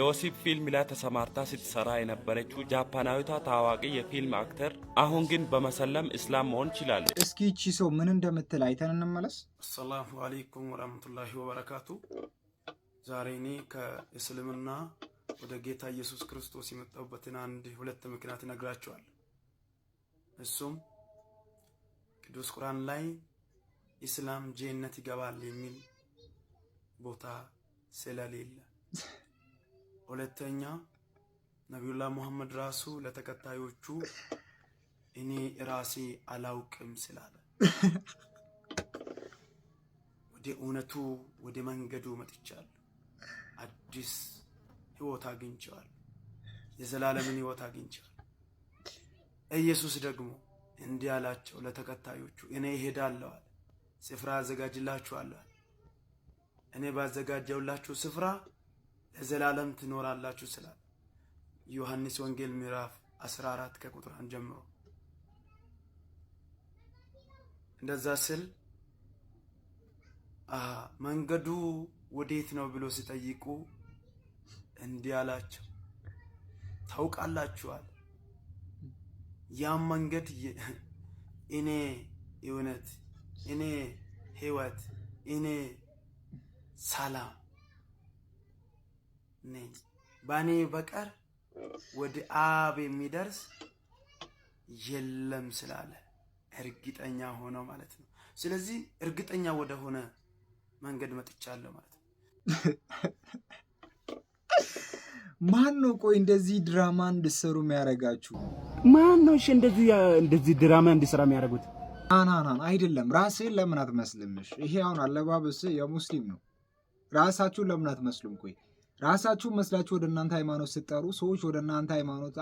የወሲብ ፊልም ላይ ተሰማርታ ስትሰራ የነበረችው ጃፓናዊቷ ታዋቂ የፊልም አክተር አሁን ግን በመሰለም እስላም መሆን ችላለች። እስኪ ይቺ ሰው ምን እንደምትል አይተን እንመለስ። አሰላሙ አሌይኩም ወረህመቱላሂ ወበረካቱ። ዛሬ እኔ ከእስልምና ወደ ጌታ ኢየሱስ ክርስቶስ የመጣሁበትን አንድ ሁለት ምክንያት ይነግራቸዋል። እሱም ቅዱስ ቁርአን ላይ ኢስላም ጄነት ይገባል የሚል ቦታ ስለሌለ ሁለተኛ ነቢዩላህ ሙሐመድ ራሱ ለተከታዮቹ እኔ ራሴ አላውቅም ስላለ ወደ እውነቱ ወደ መንገዱ መጥቻለሁ። አዲስ ህይወት አግኝቸዋል የዘላለምን ህይወት አግኝቸዋል። ኢየሱስ ደግሞ እንዲህ አላቸው ለተከታዮቹ፣ እኔ እሄዳለሁ አለ፣ ስፍራ አዘጋጅላችኋለሁ እኔ ባዘጋጀውላችሁ ስፍራ ለዘላለም ትኖራላችሁ ስላል ዮሐንስ ወንጌል ምዕራፍ 14 ከቁጥር 1 ጀምሮ እንደዛ ስል መንገዱ ወዴት ነው ብሎ ሲጠይቁ እንዲህ አላቸው፣ ታውቃላችኋል። ያም መንገድ እኔ እውነት፣ እኔ ህይወት እኔ ሰላም ነኝ። በእኔ በቀር ወደ አብ የሚደርስ የለም ስላለ እርግጠኛ ሆኖ ማለት ነው። ስለዚህ እርግጠኛ ወደ ሆነ መንገድ መጥቻለሁ ማለት ነው። ማን ነው ቆይ እንደዚህ ድራማ እንድሰሩ የሚያደርጋችሁ? ማን ነው እሺ? እንደዚህ እንደዚህ ድራማ እንድሰራ የሚያደርጉት አናናን አይደለም። ራስህን ለምን አትመስልምሽ? ይሄ አሁን አለባበስ የሙስሊም ነው። ራሳችሁን ለምን አትመስሉም? ቆይ ራሳችሁ መስላችሁ ወደ እናንተ ሃይማኖት ስትጠሩ ሰዎች ወደ እናንተ ሃይማኖት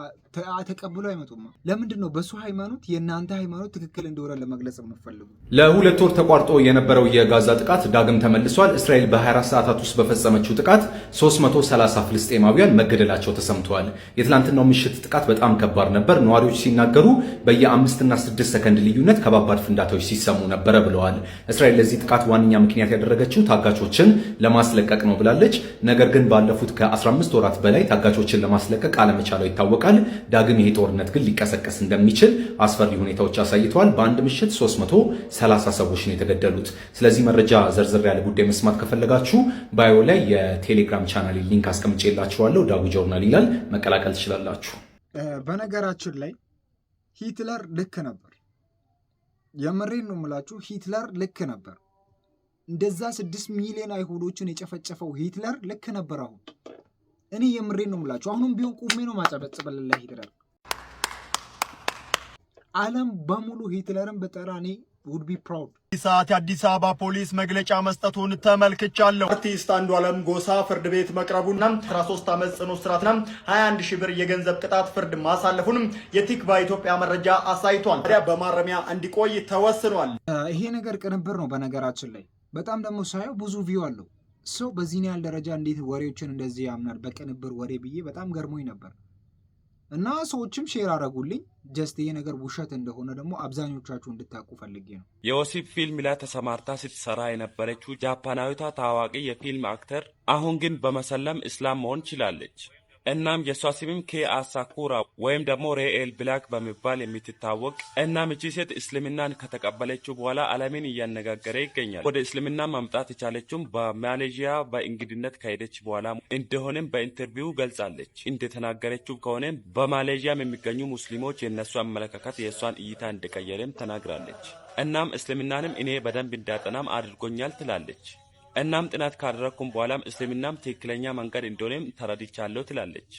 ተቀብሎ አይመጡም። ለምንድን ነው በሱ ሃይማኖት የእናንተ ሃይማኖት ትክክል እንደሆነ ለመግለጽ የምፈልጉ። ለሁለት ወር ተቋርጦ የነበረው የጋዛ ጥቃት ዳግም ተመልሷል። እስራኤል በ24 ሰዓታት ውስጥ በፈጸመችው ጥቃት 330 ፍልስጤማውያን መገደላቸው ተሰምተዋል። የትላንትናው ምሽት ጥቃት በጣም ከባድ ነበር ነዋሪዎች ሲናገሩ፣ በየአምስትና ስድስት ሰከንድ ልዩነት ከባባድ ፍንዳታዎች ሲሰሙ ነበረ ብለዋል። እስራኤል ለዚህ ጥቃት ዋነኛ ምክንያት ያደረገችው ታጋቾችን ለማስለቀቅ ነው ብላለች። ነገር ግን ባለ ባለፉት ከ15 ወራት በላይ ታጋቾችን ለማስለቀቅ አለመቻለው ይታወቃል። ዳግም ይሄ ጦርነት ግን ሊቀሰቀስ እንደሚችል አስፈሪ ሁኔታዎች አሳይተዋል። በአንድ ምሽት 330 ሰዎች ነው የተገደሉት። ስለዚህ መረጃ ዝርዝር ያለ ጉዳይ መስማት ከፈለጋችሁ ባዮ ላይ የቴሌግራም ቻናል ሊንክ አስቀምጬላችኋለሁ። ዳጉ ጆርናል ይላል፣ መቀላቀል ትችላላችሁ። በነገራችን ላይ ሂትለር ልክ ነበር። የምሬን ነው የምላችሁ፣ ሂትለር ልክ ነበር። እንደዛ ስድስት ሚሊዮን አይሁዶችን የጨፈጨፈው ሂትለር ልክ ነበር። አሁን እኔ የምሬን ነው የምላችሁ። አሁንም ቢሆን ቁሜ ነው ማጨበጭበል ሂትለር ዓለም በሙሉ ሂትለርን በጠራ እኔ ውድ ቢ ፕራውድ። ሰዓት የአዲስ አበባ ፖሊስ መግለጫ መስጠቱን ተመልክቻለሁ። አርቲስት አንዱዓለም ጎሳ ፍርድ ቤት መቅረቡና 13 ዓመት ጽኑ እስራትና 21 ሺህ ብር የገንዘብ ቅጣት ፍርድ ማሳለፉንም የቲክባ ኢትዮጵያ መረጃ አሳይቷል። ታዲያ በማረሚያ እንዲቆይ ተወስኗል። ይሄ ነገር ቅንብር ነው በነገራችን ላይ በጣም ደግሞ ሳየው ብዙ ቪው አለው ሰው በዚህን ያህል ደረጃ እንዴት ወሬዎችን እንደዚህ ያምናል? በቅንብር ወሬ ብዬ በጣም ገርሞኝ ነበር። እና ሰዎችም ሼር አረጉልኝ። ጀስት ይሄ ነገር ውሸት እንደሆነ ደግሞ አብዛኞቻችሁ እንድታውቁ ፈልጌ ነው። የወሲብ ፊልም ላይ ተሰማርታ ስትሰራ የነበረችው ጃፓናዊቷ ታዋቂ የፊልም አክተር አሁን ግን በመሰለም እስላም መሆን ችላለች። እናም የእሷ ስምም ኬ አሳኩራ ወይም ደግሞ ሬኤል ብላክ በመባል የምትታወቅ እናም እቺ ሴት እስልምናን ከተቀበለችው በኋላ ዓለምን እያነጋገረ ይገኛል። ወደ እስልምና ማምጣት የቻለችውም በማሌዥያ በእንግድነት ከሄደች በኋላ እንደሆነም በኢንተርቪው ገልጻለች። እንደተናገረችው ከሆነ በማሌዥያም የሚገኙ ሙስሊሞች የእነሱ አመለካከት የእሷን እይታ እንደቀየረም ተናግራለች። እናም እስልምናንም እኔ በደንብ እንዳጠናም አድርጎኛል ትላለች። እናም ጥናት ካደረግኩም በኋላም እስልምናም ትክክለኛ መንገድ እንደሆነም ተረድቻለሁ ትላለች።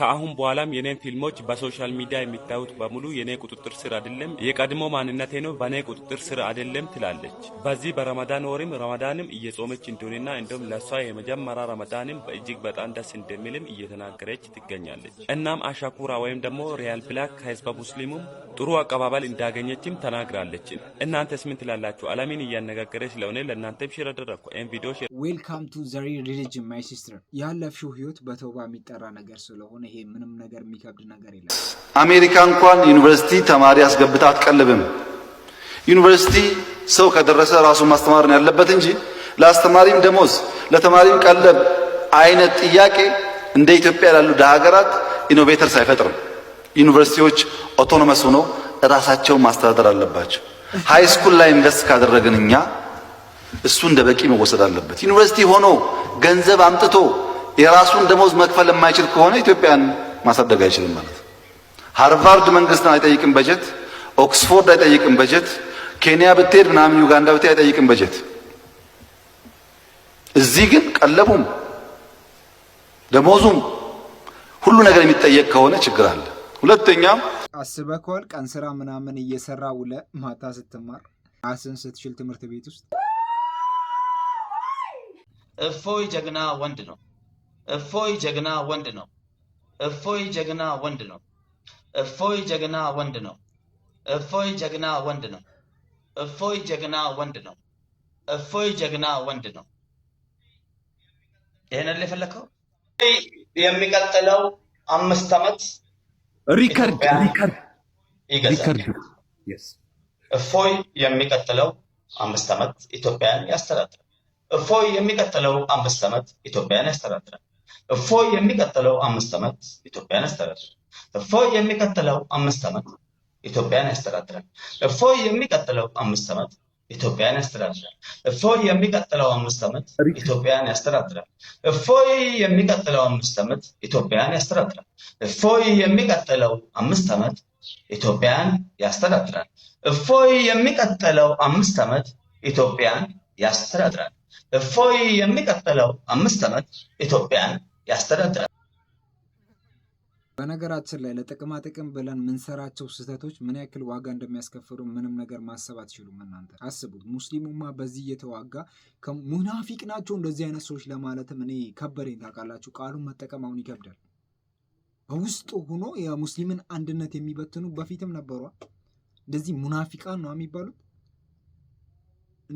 ከአሁን በኋላም የኔን ፊልሞች በሶሻል ሚዲያ የሚታዩት በሙሉ የኔ ቁጥጥር ስር አይደለም፣ የቀድሞ ማንነቴ ነው፣ በእኔ ቁጥጥር ስር አይደለም ትላለች። በዚህ በረመዳን ወርም ረመዳንም እየጾመች እንደሆነና እንደውም ለእሷ የመጀመሪያ ረመዳንም በእጅግ በጣም ደስ እንደሚልም እየተናገረች ትገኛለች። እናም አሻኩራ ወይም ደግሞ ሪያል ብላክ ከህዝበ ሙስሊሙም ጥሩ አቀባበል እንዳገኘችም ተናግራለች። እናንተስ ምን ትላላችሁ? አለሚን እያነጋገረ ስለሆነ ለእናንተም ሽር አደረግኩ። ቪዲዮ ዌልካም ቱ ዘሪ ሪሊጅን ማይ ሲስተር ያለፍሽው ህይወት በተውባ የሚጠራ ነገር ስለሆነ ይሄ ምንም ነገር የሚከብድ ነገር የለም። አሜሪካ እንኳን ዩኒቨርሲቲ ተማሪ አስገብታ አትቀልብም። ዩኒቨርሲቲ ሰው ከደረሰ ራሱን ማስተማር ነው ያለበት እንጂ ለአስተማሪም ደሞዝ ለተማሪም ቀለብ አይነት ጥያቄ እንደ ኢትዮጵያ ላሉ ደሃ ኢኖቬተርስ አይፈጥርም። ዩኒቨርሲቲዎች ኦቶኖመስ ሆኖ ራሳቸውን ማስተዳደር አለባቸው። ሃይ ስኩል ላይ ኢንቨስት ካደረግን እኛ እሱ እንደ በቂ መወሰድ አለበት። ዩኒቨርሲቲ ሆኖ ገንዘብ አምጥቶ የራሱን ደሞዝ መክፈል የማይችል ከሆነ ኢትዮጵያን ማሳደግ አይችልም ማለት ነው። ሃርቫርድ መንግስትን አይጠይቅም በጀት፣ ኦክስፎርድ አይጠይቅም በጀት፣ ኬንያ ብትሄድ ምናምን ዩጋንዳ ብትሄድ አይጠይቅም በጀት። እዚህ ግን ቀለቡም ደሞዙም ሁሉ ነገር የሚጠየቅ ከሆነ ችግር አለ። ሁለተኛ አስበህ ከሆነ ቀን ስራ ምናምን እየሰራ ውለ ማታ ስትማር አስን ስትችል ትምህርት ቤት ውስጥ እፎይ ጀግና ወንድ ነው። እፎይ ጀግና ወንድ ነው። እፎይ ጀግና ወንድ ነው። እፎይ ጀግና ወንድ ነው። እፎይ ጀግና ወንድ ነው። እፎይ ጀግና ወንድ ነው። እፎይ ጀግና ወንድ ነው። ይሄን የፈለከው የሚቀጥለው አምስት ዓመት ሪከርድ ሪከርድ ይገዛል። እፎይ የሚቀጥለው አምስት ዓመት ኢትዮጵያን ያስተዳድራል። እፎይ የሚቀጥለው አምስት ዓመት ኢትዮጵያን ያስተዳድራል። እፎይ የሚቀጥለው አምስት ዓመት ኢትዮጵያን ያስተዳድራል። እፎይ የሚቀጥለው አምስት ዓመት ኢትዮጵያን ያስተዳድራል። እፎይ የሚቀጥለው አምስት ዓመት ኢትዮጵያን ያስተዳድራል። እፎይ የሚቀጥለው አምስት ዓመት ኢትዮጵያን ያስተዳድራል። እፎይ የሚቀጥለው አምስት ዓመት ኢትዮጵያን ያስተዳድራል። እፎይ የሚቀጥለው አምስት ዓመት ኢትዮጵያን ያስተዳድራል። እፎይ የሚቀጥለው አምስት ዓመት ኢትዮጵያን ያስተዳድራል። እፎይ የሚቀጥለው አምስት ዓመት ኢትዮጵያን ያስተዳድራል። በነገራችን ላይ ለጥቅማ ጥቅም ብለን ምንሰራቸው ስህተቶች ምን ያክል ዋጋ እንደሚያስከፍሉ ምንም ነገር ማሰብ አትችሉም። እናንተ አስቡት። ሙስሊሙማ በዚህ እየተዋጋ ሙናፊቅ ናቸው እንደዚህ አይነት ሰዎች ለማለትም እኔ ከበደኝ። ታውቃላችሁ፣ ቃሉን መጠቀም አሁን ይከብዳል። በውስጡ ሆኖ የሙስሊምን አንድነት የሚበትኑ በፊትም ነበሯ። እንደዚህ ሙናፊቃን ነው የሚባሉት።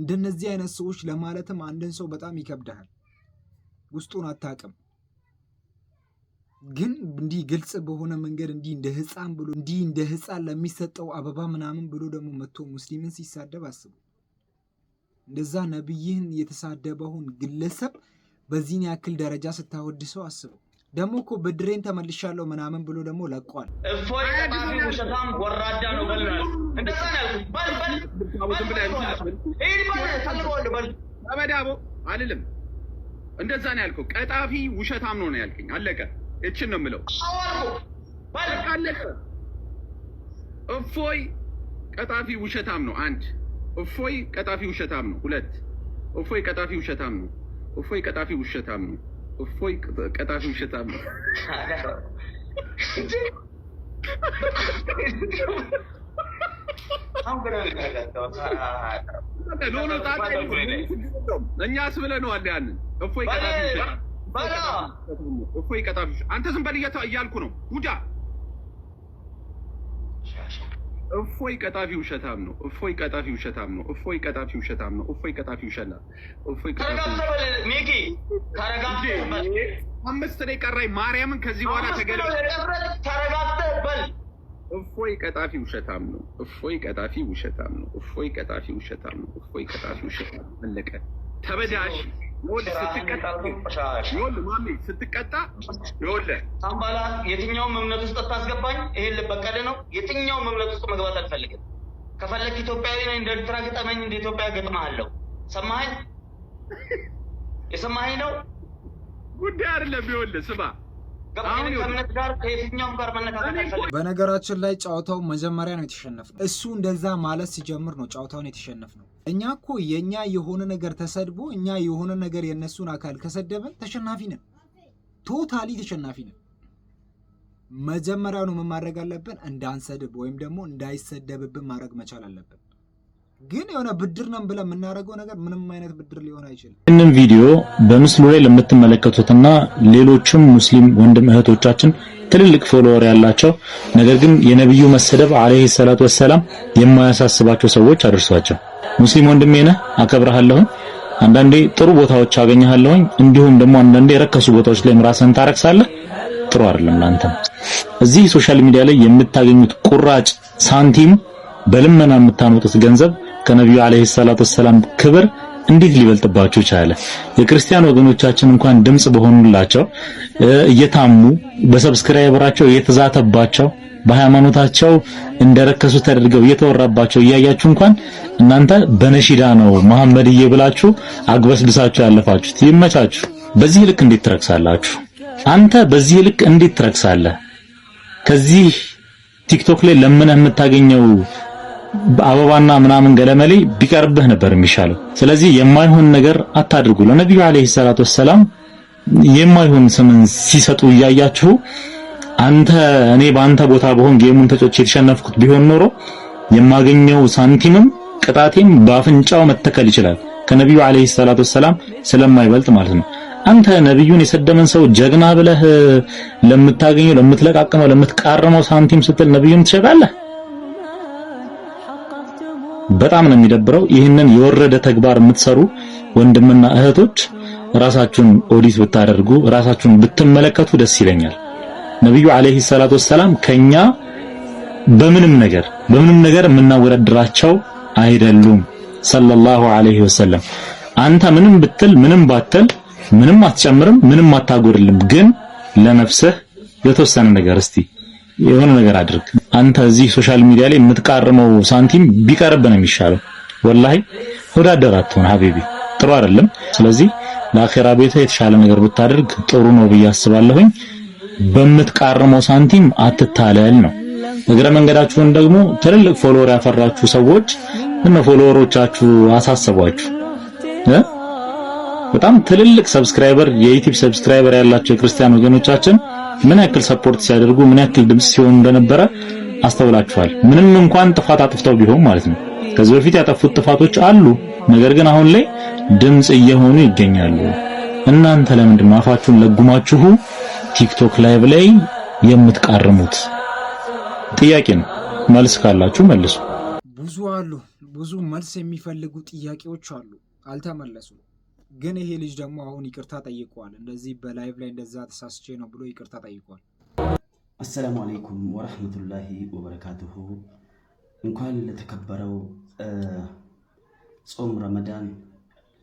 እንደነዚህ አይነት ሰዎች ለማለትም አንድን ሰው በጣም ይከብዳል። ውስጡን አታውቅም። ግን እንዲህ ግልጽ በሆነ መንገድ እንዲህ እንደ ህፃን ብሎ እንዲህ እንደ ህፃን ለሚሰጠው አበባ ምናምን ብሎ ደግሞ መጥቶ ሙስሊምን ሲሳደብ አስቡ። እንደዛ ነቢይህን የተሳደበውን ግለሰብ በዚህን ያክል ደረጃ ስታወድሰው አስቡ። ደግሞ እኮ ብድሬን ተመልሻለሁ ምናምን ብሎ ደግሞ ለቋል። ወራዳ ነው እንደዛ ነው ያልከው። ቀጣፊ ውሸታም ነው ነው ያልከኝ። አለቀ እችን ነው የምለው። እፎይ ቀጣፊ ውሸታም ነው። አንድ እፎይ ቀጣፊ ውሸታም ነው። ሁለት እፎይ ቀጣፊ ውሸታም ነው። እፎይ ቀጣፊ ውሸታም ነው። እፎይ ቀጣፊ ውሸታም ነው። እኛ አስብለነዋል። ያንን እፎይ ቀጣፊ ውሸታም እኮ ይቀጣሉ። አንተ ዝም በል እያልኩ ነው። ጉዳ እፎይ ቀጣፊ ውሸታም ነው። እፎይ ቀጣፊ ውሸታም ነው። እፎይ ቀጣፊ ውሸታም ነው። እፎይ ቀጣፊ ውሸላ እፎይ አምስት ላይ ቀራይ ማርያምን ከዚህ በኋላ ተገለ እፎይ ቀጣፊ ውሸታም ነው። እፎይ ቀጣፊ ውሸታም ነው። እፎይ ቀጣፊ ውሸታም ነው። እፎይ ቀጣፊ ውሸታም አለቀ። ተበዳሽ ስትቀጣ አምባላ የትኛውም እምነት ውስጥ ታስገባኝ። ይሄን ልበቀል ነው። የትኛውም እምነት ውስጥ መግባት አልፈልግም። ከፈለግ ኢትዮጵያዊ ነኝ፣ እንደ ኤርትራ ግጠመኝ፣ እንደ ኢትዮጵያ ገጥመሃለሁ። ሰማኸኝ? የሰማኸኝ ነው ጉዳይ አይደለም። ይኸውልህ ስማ በነገራችን ላይ ጨዋታው መጀመሪያ ነው የተሸነፍነው። እሱ እንደዛ ማለት ሲጀምር ነው ጨዋታውን የተሸነፍነው። እኛ እኮ የእኛ የሆነ ነገር ተሰድቦ እኛ የሆነ ነገር የእነሱን አካል ከሰደብን ተሸናፊ ነን። ቶታሊ ተሸናፊ ነን። መጀመሪያ ነው መማድረግ አለብን፣ እንዳንሰድብ ወይም ደግሞ እንዳይሰደብብን ማድረግ መቻል አለብን። ግን የሆነ ብድር ነን ብለን የምናደርገው ነገር ምንም አይነት ብድር ሊሆን አይችልም። ይህንን ቪዲዮ በምስሉ ላይ ለምትመለከቱትና ሌሎችም ሙስሊም ወንድም እህቶቻችን ትልልቅ ፎሎወር ያላቸው ነገር ግን የነቢዩ መሰደብ አለይሂ ሰላቱ ወሰላም የማያሳስባቸው ሰዎች አድርሷቸው። ሙስሊም ወንድሜ ነህ፣ አከብረሃለሁኝ አንዳንዴ ጥሩ ቦታዎች አገኘሃለሁኝ እንዲሁም ደግሞ አንዳንዴ የረከሱ ቦታዎች ላይም ራስህን ታረክሳለህ። ጥሩ አይደለም ላንተ። እዚህ ሶሻል ሚዲያ ላይ የምታገኙት ቁራጭ ሳንቲም፣ በልመና የምታመጡት ገንዘብ ከነቢዩ አለይሂ ሰላቱ ሰላም ክብር እንዴት ሊበልጥባችሁ ቻለ? የክርስቲያን ወገኖቻችን እንኳን ድምጽ በሆኑላቸው እየታሙ በሰብስክራይበራቸው እየተዛተባቸው በሃይማኖታቸው እንደረከሱ ተደርገው እየተወራባቸው እያያችሁ እንኳን እናንተ በነሺዳ ነው መሐመድዬ ብላችሁ አግበስብሳችሁ ያለፋችሁት። ይመቻችሁ። በዚህ ልክ እንዴት ትረክሳላችሁ? አንተ በዚህ ልክ እንዴት ትረክሳለህ? ከዚህ ቲክቶክ ላይ ለምነህ የምታገኘው አበባና ምናምን ገለመሌ ቢቀርብህ ነበር የሚሻለው። ስለዚህ የማይሆን ነገር አታድርጉ። ለነቢዩ አለይሂ ሰላቱ ወሰላም የማይሆን ስምን ሲሰጡ እያያችሁ አንተ እኔ በአንተ ቦታ በሆን ጌሙን ተጮቼ የተሸነፍኩት ቢሆን ኖሮ የማገኘው ሳንቲምም ቅጣቴም በአፍንጫው መተከል ይችላል። ከነቢዩ አለይሂ ሰላቱ ወሰላም ስለማይበልጥ ማለት ነው። አንተ ነቢዩን የሰደመን ሰው ጀግና ብለህ ለምታገኘው፣ ለምትለቃቅመው፣ ለምትቃርመው ሳንቲም ስትል ነቢዩን ትሸጣለህ። በጣም ነው የሚደብረው። ይህንን የወረደ ተግባር የምትሰሩ ወንድምና እህቶች ራሳችሁን ኦዲት ብታደርጉ ራሳችሁን ብትመለከቱ ደስ ይለኛል። ነብዩ አለይሂ ሰላቱ ወሰላም ከኛ በምንም ነገር በምንም ነገር የምናወዳድራቸው አይደሉም። ሰለላሁ ዐለይሂ ወሰለም አንተ ምንም ብትል ምንም ባትል ምንም አትጨምርም፣ ምንም አታጎድልም። ግን ለነፍስህ የተወሰነ ነገር እስቲ የሆነ ነገር አድርግ። አንተ እዚህ ሶሻል ሚዲያ ላይ የምትቃርመው ሳንቲም ቢቀርብ ነው የሚሻለው። ወላሂ ወዳደር አትሆን ሀቢቢ፣ ጥሩ አይደለም። ስለዚህ ለአኼራ ቤተ የተሻለ ነገር ብታደርግ ጥሩ ነው ብዬ አስባለሁኝ። በምትቃርመው ሳንቲም አትታለል ነው። እግረ መንገዳችሁን ደግሞ ትልልቅ ፎሎወር ያፈራችሁ ሰዎች እነ ፎሎወሮቻችሁ አሳስቧችሁ እ በጣም ትልልቅ ሰብስክራይበር የዩቲዩብ ሰብስክራይበር ያላቸው የክርስቲያን ወገኖቻችን ምን ያክል ሰፖርት ሲያደርጉ ምን ያክል ድምጽ ሲሆኑ እንደነበረ አስተውላችኋል። ምንም እንኳን ጥፋት አጥፍተው ቢሆን ማለት ነው። ከዚህ በፊት ያጠፉት ጥፋቶች አሉ፣ ነገር ግን አሁን ላይ ድምጽ እየሆኑ ይገኛሉ። እናንተ ለምንድን ነው አፋችሁን ለጉማችሁ ቲክቶክ ላይቭ ላይ የምትቃርሙት? ጥያቄ ነው። መልስ ካላችሁ መልሱ። ብዙ አሉ፣ ብዙ መልስ የሚፈልጉ ጥያቄዎች አሉ፣ አልተመለሱም። ግን ይሄ ልጅ ደግሞ አሁን ይቅርታ ጠይቀዋል። እንደዚህ በላይቭ ላይ እንደዛ ተሳስቼ ነው ብሎ ይቅርታ ጠይቋል። አሰላሙ አለይኩም ወረህመቱላሂ ወበረካትሁ እንኳን ለተከበረው ጾም ረመዳን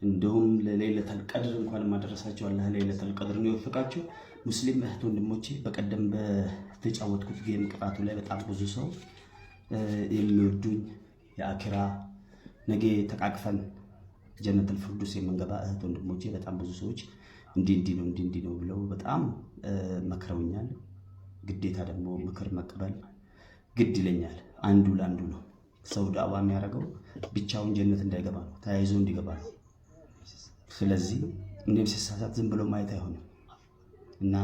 እንዲሁም ለሌለተል ቀድር እንኳን ማደረሳቸው አላህ ለሌለተል ነው የወፈቃቸው። ሙስሊም እህት ወንድሞቼ፣ በቀደም በተጫወትኩት ጌም ቅጣቱ ላይ በጣም ብዙ ሰው የሚወዱኝ የአኪራ ነገ ተቃቅፈን ጀነትል ፍርዱስ የምንገባ እህት ወንድሞቼ በጣም ብዙ ሰዎች እንዲህ እንዲህ ነው እንዲህ እንዲህ ነው ብለው በጣም መክረውኛል። ግዴታ ደግሞ ምክር መቀበል ግድ ይለኛል። አንዱ ለአንዱ ነው። ሰው ዳዋ የሚያደርገው ብቻውን ጀነት እንዳይገባ ነው፣ ተያይዞ እንዲገባ ነው። ስለዚህ እኔም ሲሳሳት ዝም ብሎ ማየት አይሆንም እና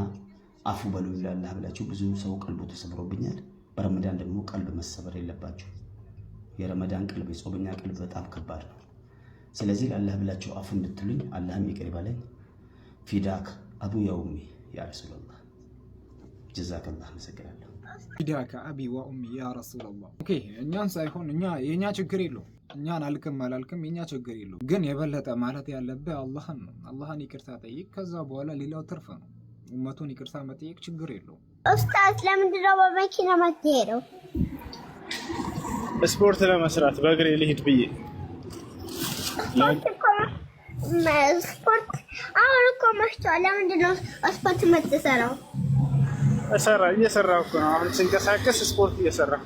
አፉ በሉ ይላል ብላችሁ ብዙ ሰው ቀልቡ ተሰብሮብኛል። በረመዳን ደግሞ ቀልብ መሰበር የለባቸው የረመዳን ቀልብ የጾመኛ ቀልብ በጣም ከባድ ነው። ስለዚህ ለአላህ ብላችሁ አፉ እንድትሉኝ አላህም ይቅር ይበለኝ። ፊዳክ አቡ የውሚ ያ ረሱላላ ጀዛከላህ አመሰግናለሁ። ፊዳከ አቢ ወኡሚ ያ ረሱላላ። ኦኬ እኛን ሳይሆን እኛ የእኛ ችግር የለው እኛን አልክም አላልክም የኛ ችግር የለው። ግን የበለጠ ማለት ያለብህ አላህን ነው። አላህን ይቅርታ ጠይቅ። ከዛ በኋላ ሌላው ትርፍ ነው። ኡመቱን ይቅርታ መጠየቅ ችግር የለው። ኡስታዝ ለምንድነው በመኪና መትሄደው? ስፖርት ለመስራት በእግሬ ልሂድ ብዬ ስፖርት አሁን እኮ መሽቷል። ለምንድን ነው ስፖርት የምትሰራው? እሰራ እየሰራሁ እኮ ነው። አሁን ስንቀሳቀስ ስፖርት እየሰራሁ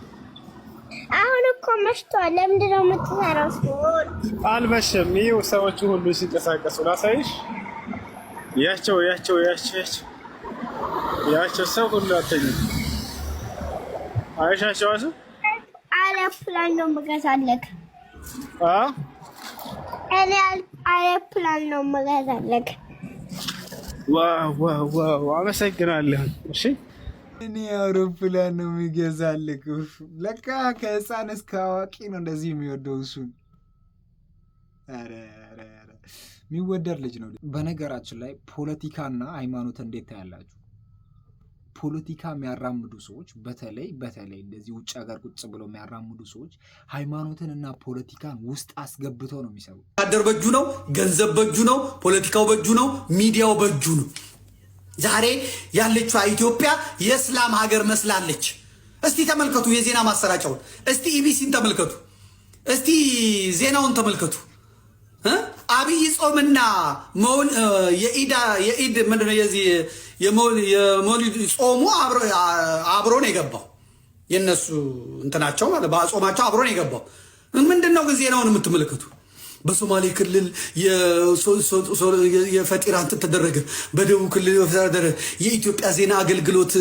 አሁን እኮ መሽቷ ለምንድን ነው የምትሰራው ስፖርት? አልመሸም። ይኸው ሰዎቹ ሁሉ ሲንቀሳቀሱ ላሳይሽ። ያቸው ያቸው ያቸው ያቸው ያቸው ሰው ሁሉ አተኝም። አይሻቸው አለ ፕላን ነው የምገዛለክ አ እኔ አይሮፕላን ነው የምገዛለግ። ዋው አመሰግናለሁ። እሺ እኔ አውሮፕላን ነው የሚገዛልክ። ለካ ከህፃን እስከ አዋቂ ነው እንደዚህ የሚወደው እሱን። የሚወደድ ልጅ ነው። በነገራችን ላይ ፖለቲካና ሃይማኖት እንዴት ታያላችሁ? ፖለቲካ የሚያራምዱ ሰዎች በተለይ በተለይ እንደዚህ ውጭ ሀገር ቁጭ ብለው የሚያራምዱ ሰዎች ሃይማኖትን እና ፖለቲካን ውስጥ አስገብተው ነው የሚሰሩ። ወታደር በእጁ ነው፣ ገንዘብ በእጁ ነው፣ ፖለቲካው በእጁ ነው፣ ሚዲያው በእጁ ነው። ዛሬ ያለችዋ ኢትዮጵያ የእስላም ሀገር መስላለች። እስቲ ተመልከቱ የዜና ማሰራጫውን፣ እስቲ ኢቢሲን ተመልከቱ፣ እስቲ ዜናውን ተመልከቱ። አብይ ጾምና የኢድ ምንድነው የዚህ የሞሊድ ጾሙ አብሮ ነው የገባው። የእነሱ እንትናቸው ማለት በጾማቸው አብሮ ነው የገባው። ምንድን ነው ጊዜ ነውን የምትመለከቱ በሶማሌ ክልል የፈጢራ እንትን ተደረገ። በደቡብ ክልል ተደረገ። የኢትዮጵያ ዜና አገልግሎት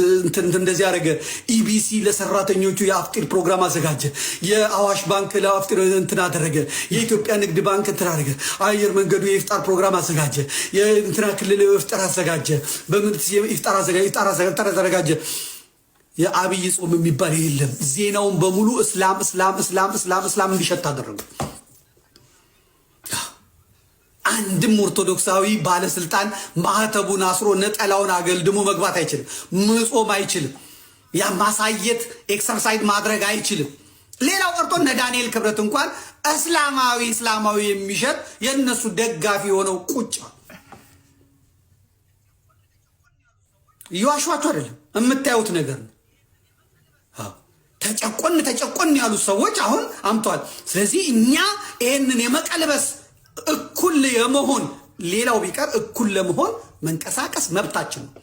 እንደዚህ ያደረገ። ኢቢሲ ለሰራተኞቹ የአፍጢር ፕሮግራም አዘጋጀ። የአዋሽ ባንክ ለአፍጢር እንትን አደረገ። የኢትዮጵያ ንግድ ባንክ እንትን አደረገ። አየር መንገዱ የኢፍጣር ፕሮግራም አዘጋጀ። የእንትና ክልል ኢፍጣር አዘጋጀ። ኢፍጣር አዘጋጀ። የአብይ ጾም የሚባል የለም። ዜናውን በሙሉ እስላም እስላም እስላም እስላም እስላም እንዲሸት አደረጉ። አንድም ኦርቶዶክሳዊ ባለስልጣን ማህተቡን አስሮ ነጠላውን አገልድሞ መግባት አይችልም። ምጾም አይችልም። ያ ማሳየት ኤክሰርሳይዝ ማድረግ አይችልም። ሌላው ቀርቶ እነ ዳንኤል ክብረት እንኳን እስላማዊ እስላማዊ የሚሸጥ የእነሱ ደጋፊ የሆነው ቁጭ እየዋሸኋቸው አይደለም፣ የምታዩት ነገር ነው። ተጨቆን ተጨቆን ያሉት ሰዎች አሁን አምተዋል። ስለዚህ እኛ ይህንን የመቀልበስ እኩል የመሆን ሌላው ቢቀር እኩል ለመሆን መንቀሳቀስ መብታችን ነው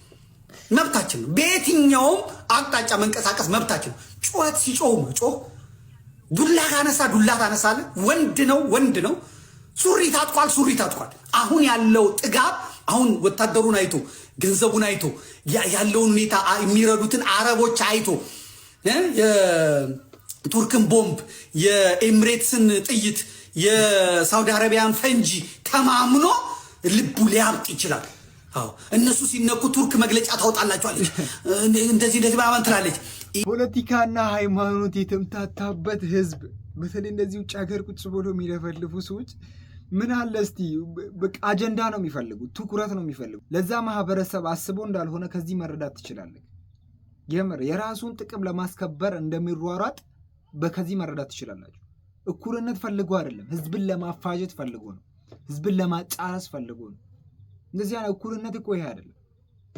መብታችን ነው። በየትኛውም አቅጣጫ መንቀሳቀስ መብታችን ነው። ጩኸት ሲጮህ መጮህ፣ ዱላ ካነሳ ዱላ ታነሳለ። ወንድ ነው ወንድ ነው። ሱሪ ታጥቋል ሱሪ ታጥቋል። አሁን ያለው ጥጋብ አሁን ወታደሩን አይቶ ገንዘቡን አይቶ ያለውን ሁኔታ የሚረዱትን አረቦች አይቶ የቱርክን ቦምብ የኤምሬትስን ጥይት የሳውዲ አረቢያን ፈንጂ ተማምኖ ልቡ ሊያብጥ ይችላል። እነሱ ሲነኩ ቱርክ መግለጫ ታወጣላቸዋለች። እንደዚህ እንደዚህ በአማን ትላለች። ፖለቲካና ሃይማኖት የተምታታበት ህዝብ በተለይ እንደዚህ ውጭ ሀገር ቁጭ ብሎ የሚለፈልፉ ሰዎች ምን አለ እስቲ አጀንዳ ነው የሚፈልጉት፣ ትኩረት ነው የሚፈልጉት። ለዛ ማህበረሰብ አስቦ እንዳልሆነ ከዚህ መረዳት ትችላለህ። የምር የራሱን ጥቅም ለማስከበር እንደሚሯሯጥ በከዚህ መረዳት ትችላላችሁ። እኩልነት ፈልጎ አይደለም፣ ህዝብን ለማፋጀት ፈልጎ ነው። ህዝብን ለማጫረስ ፈልጎ ነው። እንደዚህ አይነት እኩልነት እኮ ይሄ አይደለም።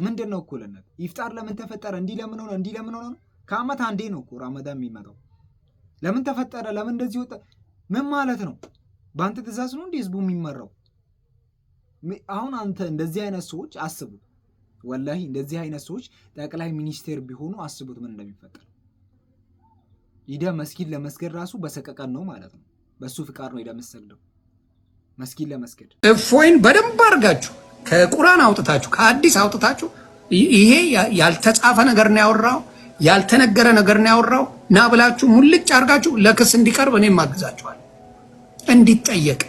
ምንድን ነው እኩልነት? ይፍጣር ለምን ተፈጠረ? እንዲህ ለምን ሆነ? እንዲህ ለምን ሆነ ከአመት አንዴ ነው እኮ ራመዳን የሚመጣው። ለምን ተፈጠረ? ለምን እንደዚህ ወጣ? ምን ማለት ነው? በአንተ ትእዛዝ ነው እንዲህ ህዝቡ የሚመራው? አሁን አንተ እንደዚህ አይነት ሰዎች አስቡት፣ ወላሂ እንደዚህ አይነት ሰዎች ጠቅላይ ሚኒስቴር ቢሆኑ አስቡት ምን እንደሚፈጠር ኢደ መስጊድ ለመስገድ ራሱ በሰቀቀን ነው ማለት ነው። በእሱ ፍቃድ ነው ኢደ መሰግደው መስጊድ ለመስገድ። እፎይን በደንብ አድርጋችሁ ከቁርአን አውጥታችሁ ከአዲስ አውጥታችሁ ይሄ ያልተጻፈ ነገር ነው ያወራው ያልተነገረ ነገር ነው ያወራው ና ብላችሁ ሙልጭ አድርጋችሁ ለክስ እንዲቀርብ እኔም ማግዛችኋል። እንዲጠየቅ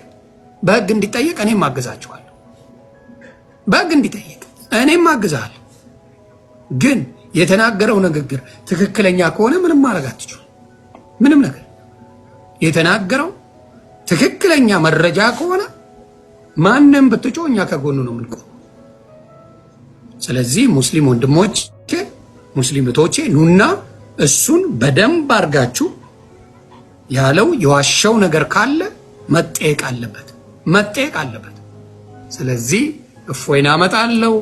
በህግ እንዲጠየቅ እኔም ማግዛችኋል። በህግ እንዲጠየቅ እኔም ማግዛል። ግን የተናገረው ንግግር ትክክለኛ ከሆነ ምንም ማድረግ አትችሉ ምንም ነገር የተናገረው ትክክለኛ መረጃ ከሆነ ማንም ብትጮ እኛ ከጎኑ ነው ምንቆ። ስለዚህ ሙስሊም ወንድሞቼ፣ ሙስሊም እህቶቼ ኑና እሱን በደንብ አድርጋችሁ ያለው የዋሸው ነገር ካለ መጠየቅ አለበት መጠየቅ አለበት። ስለዚህ እፎይን አመጣለሁ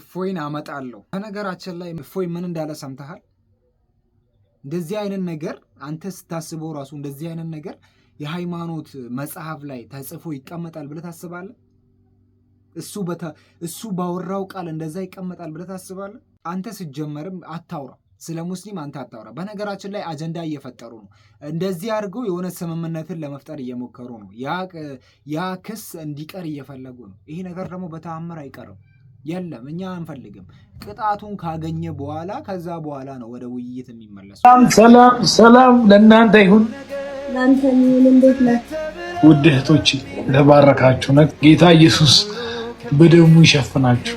እፎይን አመጣለሁ። ከነገራችን ላይ እፎይ ምን እንዳለ ሰምተሃል? እንደዚህ አይነት ነገር አንተ ስታስበው ራሱ እንደዚህ አይነት ነገር የሃይማኖት መጽሐፍ ላይ ተጽፎ ይቀመጣል ብለህ ታስባለህ? እሱ እሱ ባወራው ቃል እንደዛ ይቀመጣል ብለህ ታስባለህ? አንተ ስጀመርም አታውራ፣ ስለ ሙስሊም አንተ አታውራ። በነገራችን ላይ አጀንዳ እየፈጠሩ ነው። እንደዚህ አድርገው የሆነ ስምምነትን ለመፍጠር እየሞከሩ ነው። ያ ክስ እንዲቀር እየፈለጉ ነው። ይሄ ነገር ደግሞ በተአምር አይቀርም። የለም እኛ አንፈልግም። ቅጣቱን ካገኘ በኋላ ከዛ በኋላ ነው ወደ ውይይት የሚመለሱ። ሰላም ሰላም ለእናንተ ይሁን። ውድ እህቶች ለባረካችሁ ጌታ ኢየሱስ በደሙ ይሸፍናችሁ።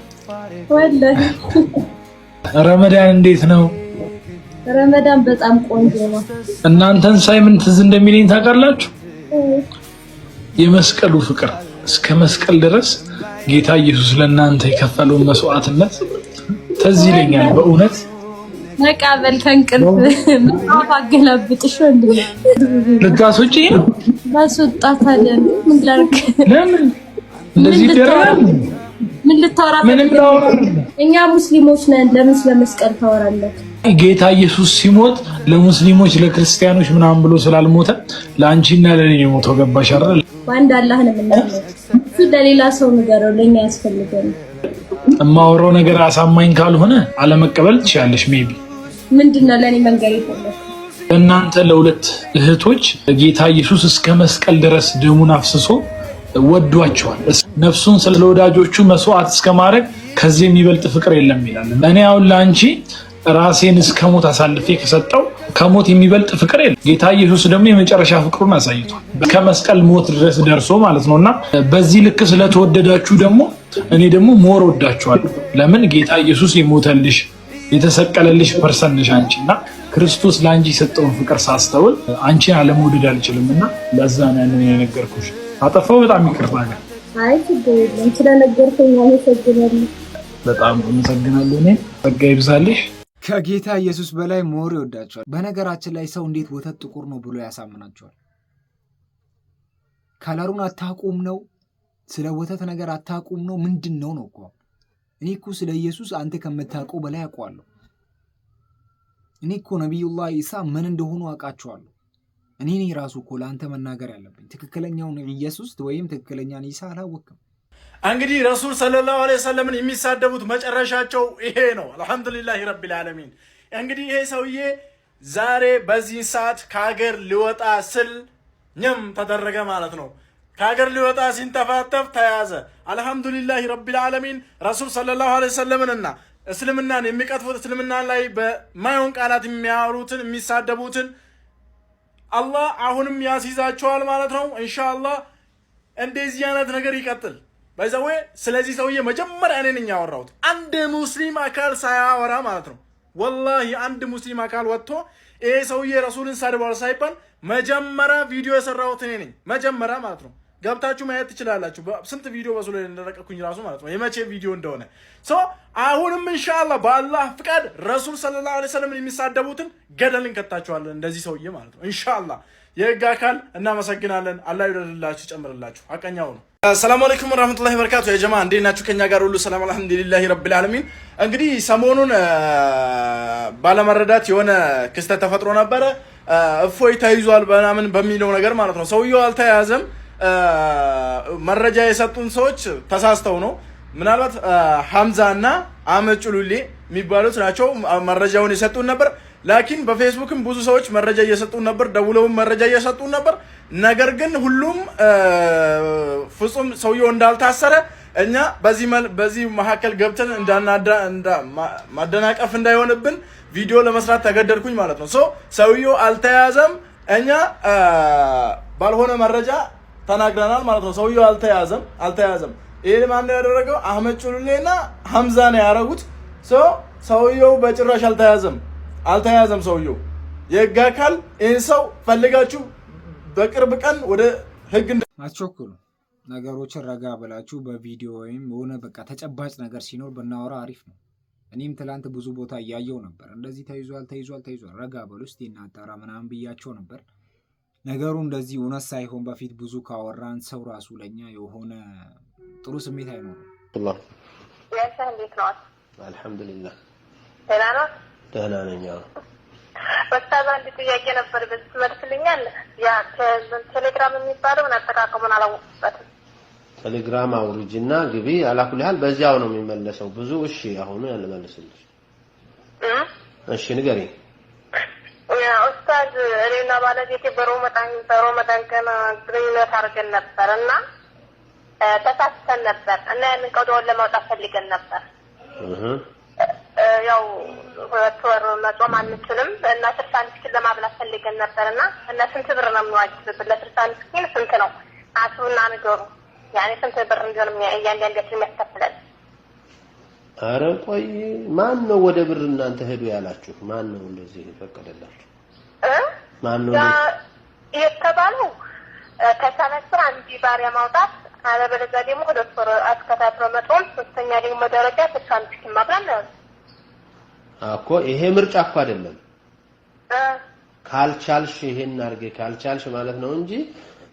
ረመዳን እንዴት ነው? ረመዳን በጣም ቆንጆ ነው። እናንተን ሳይምን ትዝ እንደሚለኝ ታውቃላችሁ? የመስቀሉ ፍቅር እስከ መስቀል ድረስ ጌታ ኢየሱስ ለእናንተ የከፈለውን መስዋዕትነት ተዝ ይለኛል። በእውነት መቃበል ተንቅልፍ መጽሐፍ አገላብጥሽ ወንድ ልታስወጪ እናስወጣታለን። ምን ለምን እንደዚህ ይደረጋል? ምን ልታወራ? እኛ ሙስሊሞች ነን። ለምን ስለመስቀል ታወራለህ? ጌታ ኢየሱስ ሲሞት ለሙስሊሞች ለክርስቲያኖች ምናምን ብሎ ስላልሞተ ለአንቺና ለኔ የሞተው ገባሽ አይደል? በአንድ አላህ ነው የምናምነው እሱ ለሌላ ሰው ንገረው፣ ለኛ ያስፈልገን። የማወራው ነገር አሳማኝ ካልሆነ አለመቀበል ትችላለሽ። ሜቢ ምንድነው ለእኔ መንገር የፈለግ እናንተ ለሁለት እህቶች ጌታ ኢየሱስ እስከ መስቀል ድረስ ደሙን አፍስሶ ወዷቸዋል። ነፍሱን ስለ ወዳጆቹ መስዋዕት እስከ ማድረግ ከዚህ የሚበልጥ ፍቅር የለም ይላል። እኔ አሁን ለአንቺ ራሴን እስከ ሞት አሳልፌ ከሰጠው ከሞት የሚበልጥ ፍቅር የለም። ጌታ ኢየሱስ ደግሞ የመጨረሻ ፍቅሩን አሳይቷል ከመስቀል ሞት ድረስ ደርሶ ማለት ነው። እና በዚህ ልክ ስለተወደዳችሁ ደግሞ እኔ ደግሞ ሞር ወዳችኋለሁ። ለምን ጌታ ኢየሱስ የሞተልሽ የተሰቀለልሽ ፐርሰን ነሽ አንቺ እና ክርስቶስ ለአንቺ የሰጠውን ፍቅር ሳስተውል አንቺን አለመውደድ አልችልም። እና ለዛ ነው ያንን የነገርኩሽ። አጠፋው በጣም ይቅርታ ጋር አይ ችግር አመሰግናለሁ። በጣም አመሰግናለሁ። እኔ ጸጋ ይብዛልሽ። ከጌታ ኢየሱስ በላይ ሞር ይወዳቸዋል። በነገራችን ላይ ሰው እንዴት ወተት ጥቁር ነው ብሎ ያሳምናቸዋል? ከለሩን አታቁም ነው ስለ ወተት ነገር አታቁም ነው ምንድን ነው ነው እኮ እኔ እኮ ስለ ኢየሱስ አንተ ከምታውቀው በላይ አውቀዋለሁ። እኔ እኮ ነቢዩላህ ኢሳ ምን እንደሆኑ አውቃቸዋለሁ። እኔ እኔ ራሱ እኮ ለአንተ መናገር ያለብኝ ትክክለኛውን ኢየሱስ ወይም ትክክለኛን ኢሳ አላወቅም። እንግዲህ ረሱል ሰለላሁ ዐለይሂ ወሰለምን የሚሳደቡት መጨረሻቸው ይሄ ነው። አልሐምዱሊላህ ረቢል ዓለሚን። እንግዲህ ይሄ ሰውዬ ዛሬ በዚህ ሰዓት ከሀገር ሊወጣ ስል ኘም ተደረገ ማለት ነው። ከሀገር ሊወጣ ሲንተፋተፍ ተያዘ። አልሐምዱሊላህ ረቢል ዓለሚን። ረሱል ሰለላሁ ዐለይሂ ወሰለምንና እስልምናን የሚቀጥፉት እስልምና ላይ በማይሆን ቃላት የሚያወሩትን የሚሳደቡትን አላህ አሁንም ያስይዛቸዋል ማለት ነው። እንሻ እንደዚህ አይነት ነገር ይቀጥል። ባይዘዌ ስለዚህ ሰውዬ መጀመሪያ እኔ ነኝ ያወራሁት፣ አንድ ሙስሊም አካል ሳያወራ ማለት ነው። ወላሂ አንድ ሙስሊም አካል ወጥቶ ይሄ ሰውዬ ረሱልን ሰድቧል ሳይባል መጀመሪያ ቪዲዮ የሰራሁት እኔ ነኝ፣ መጀመሪያ ማለት ነው። ገብታችሁ ማየት ትችላላችሁ። ስንት ቪዲዮ በሱ ላይ እንደለቀኩኝ ራሱ ማለት ነው የመቼ ቪዲዮ እንደሆነ። ሶ አሁንም እንሻላ በአላህ ፍቃድ ረሱል ሰለላሁ ዐለይሂ ወሰለም የሚሳደቡትን ገደል እንከታችኋለን። እንደዚህ ሰውዬ ማለት ነው ኢንሻአላህ የህግ አካል እናመሰግናለን። አላህ ይደልላችሁ ይጨምርላችሁ። አቀኛው ነው። ሰላም አለይኩም ወራህመቱላሂ ወበረካቱ። የጀማ እንዴት ናችሁ? ከኛ ጋር ሁሉ ሰላም አልሐምዱሊላሂ ረቢል ዓለሚን። እንግዲህ ሰሞኑን ባለመረዳት የሆነ ክስተት ተፈጥሮ ነበረ። እፎይ ተይዟል በናምን በሚለው ነገር ማለት ነው። ሰውየው አልተያዘም። መረጃ የሰጡን ሰዎች ተሳስተው ነው። ምናልባት ሀምዛ እና አመጩ ሉሌ የሚባሉት ናቸው መረጃውን የሰጡን ነበር። ላኪን በፌስቡክም ብዙ ሰዎች መረጃ እየሰጡን ነበር፣ ደውለውም መረጃ እየሰጡን ነበር። ነገር ግን ሁሉም ፍጹም ሰውየው እንዳልታሰረ እኛ በዚህ መካከል ገብተን ማደናቀፍ እንዳይሆንብን ቪዲዮ ለመስራት ተገደድኩኝ ማለት ነው። ሶ ሰውየው አልተያዘም፣ እኛ ባልሆነ መረጃ ተናግረናል ማለት ነው። ሰውየው አልተያዘም አልተያዘም። ይህ ማነው ያደረገው? አህመድ ጩሉሌና ሀምዛ ነው ያደረጉት። ሰውየው በጭራሽ አልተያዘም። አልተያዘም ሰውየው። የህግ አካል ይህን ሰው ፈልጋችሁ በቅርብ ቀን ወደ ህግ አትቸኩሉ። ነገሮችን ረጋ ብላችሁ በቪዲዮ ወይም የሆነ በቃ ተጨባጭ ነገር ሲኖር ብናወራ አሪፍ ነው። እኔም ትላንት ብዙ ቦታ እያየው ነበር፣ እንደዚህ ተይዟል፣ ተይዟል፣ ተይዟል፣ ረጋ በል ውስጥ እናጣራ ምናምን ብያቸው ነበር። ነገሩ እንደዚህ እውነት ሳይሆን በፊት ብዙ ካወራን ሰው ራሱ ለእኛ የሆነ ጥሩ ስሜት አይኖርም። አልሐምዱሊላህ ደህና ነኝ። አሁን በስታዝ አንድ ጥያቄ ነበር፣ በዚህ ትመልስልኛል? ያ ቴሌግራም የሚባለውን አጠቃቀሙን አላወቅበትም። ቴሌግራም አውርጅ አውርጅና ግቢ አላኩል ያህል በዚያው ነው የሚመለሰው ብዙ። እሺ አሁኑ ያልመልስልሽ። እሺ ንገሪ ኡስታዝ። እኔና ባለቤቴ በሮመዳን በሮመዳን ገና ግንኙነት አድርገን ነበር እና ተሳስተን ነበር እና ያንን ቀዶውን ለማውጣት ፈልገን ነበር ያው ሁለት ወር መጾም አንችልም እና ስልሳ አንድ ምስኪን ለማብላት ፈልገን ነበር እና እና ስንት ብር ነው የሚዋጅብብን? ለስልሳ አንድ ምስኪን ስንት ነው አስቡና ንገሩ። ያኔ ስንት ብር እንዲሆን እያንዳንዳችን የሚያስከፍለን? አረ ቆይ ማን ነው ወደ ብር እናንተ ሄዱ ያላችሁ? ማን ነው እንደዚህ የፈቀደላችሁ? ማን ነው የተባሉ ከሰባት ብር አንድ ባሪያ ማውጣት አለበለዚያ ደግሞ ሁለት ወር አስከታትሎ መጾም፣ ሶስተኛ ደግሞ ደረጃ ስልሳ አንድ ምስኪን ማብላት ነው እኮ ይሄ ምርጫ እኮ አይደለም። ካልቻልሽ ይሄን አድርጌ ካልቻልሽ ማለት ነው እንጂ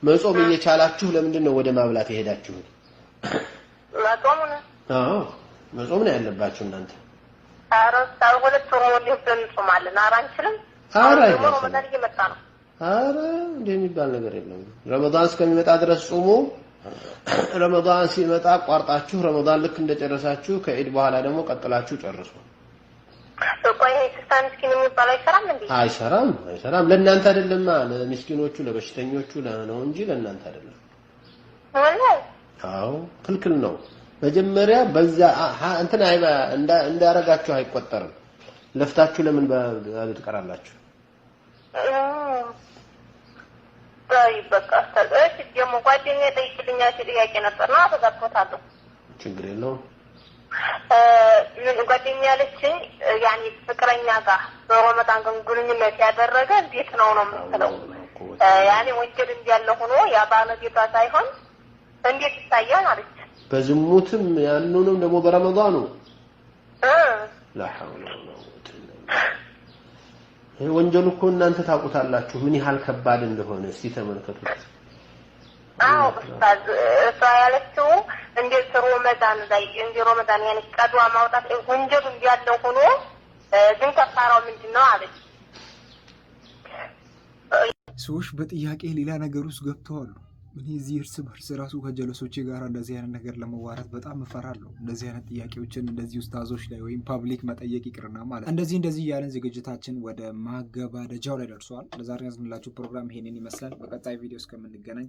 መጾም እየቻላችሁ ለምንድን ነው ወደ ማብላት የሄዳችሁት? መጾም ነው። አዎ መጾም ነው ያለባችሁ እናንተ። አረ ሁለት ወር ሞላ አረ እንደ የሚባል ነገር የለም። ረመዳን እስከሚመጣ ድረስ ጾሙ። ረመዳን ሲመጣ አቋርጣችሁ፣ ረመዳን ልክ እንደጨረሳችሁ ከኢድ በኋላ ደግሞ ቀጥላችሁ ጨርሱ። አይሰራም አይሰራም። ለእናንተ አይደለም ለሚስኪኖቹ ለበሽተኞቹ ነው እንጂ ለእናንተ አይደለም። አዎ ክልክል ነው። መጀመሪያ በዛ እንትን አይባ እንዳረጋችሁ አይቆጠርም። ለፍታችሁ ለምን ትቀራላችሁ? ችግር የለውም። ምን ጓደኛ ያለችኝ ያኔ ፍቅረኛ ጋር በረመዳን ግን ግንኙነት ያደረገ እንዴት ነው ነው የምትለው። ያኔ ወንጀል እንዲያለ ሆኖ ያ ባለቤቷ ሳይሆን እንዴት ይታያል አለች። በዝሙትም ያንኑንም ደግሞ በረመዳኑ ወንጀል እኮ እናንተ ታውቁታላችሁ ምን ያህል ከባድ እንደሆነ። እስቲ ተመልከቱት። አዎ ኡስታዝ እሷ ያለችው እንደ ሮመዳን ላይ እንደ ሮመዳን ያኔ ቀዷ ማውጣት ወንጀሉ እንዲያለው ሆኖ ግን ከፋራው ምንድን ነው አለች። ሰዎች በጥያቄ ሌላ ነገር ውስጥ ገብተዋሉ። እኔ እዚህ እርስ በርስ ራሱ ከጀለሶቼ ጋር እንደዚህ አይነት ነገር ለመዋራት በጣም እፈራለሁ። እንደዚህ አይነት ጥያቄዎችን እንደዚህ ኡስታዞች ላይ ወይም ፓብሊክ መጠየቅ ይቅርና ማለት እንደዚህ እንደዚህ እያለን ዝግጅታችን ወደ ማገባደጃው ላይ ደርሷል። ለዛሬ ያዝንላችሁ ፕሮግራም ይሄንን ይመስላል። በቀጣይ ቪዲዮ እስከምንገናኝ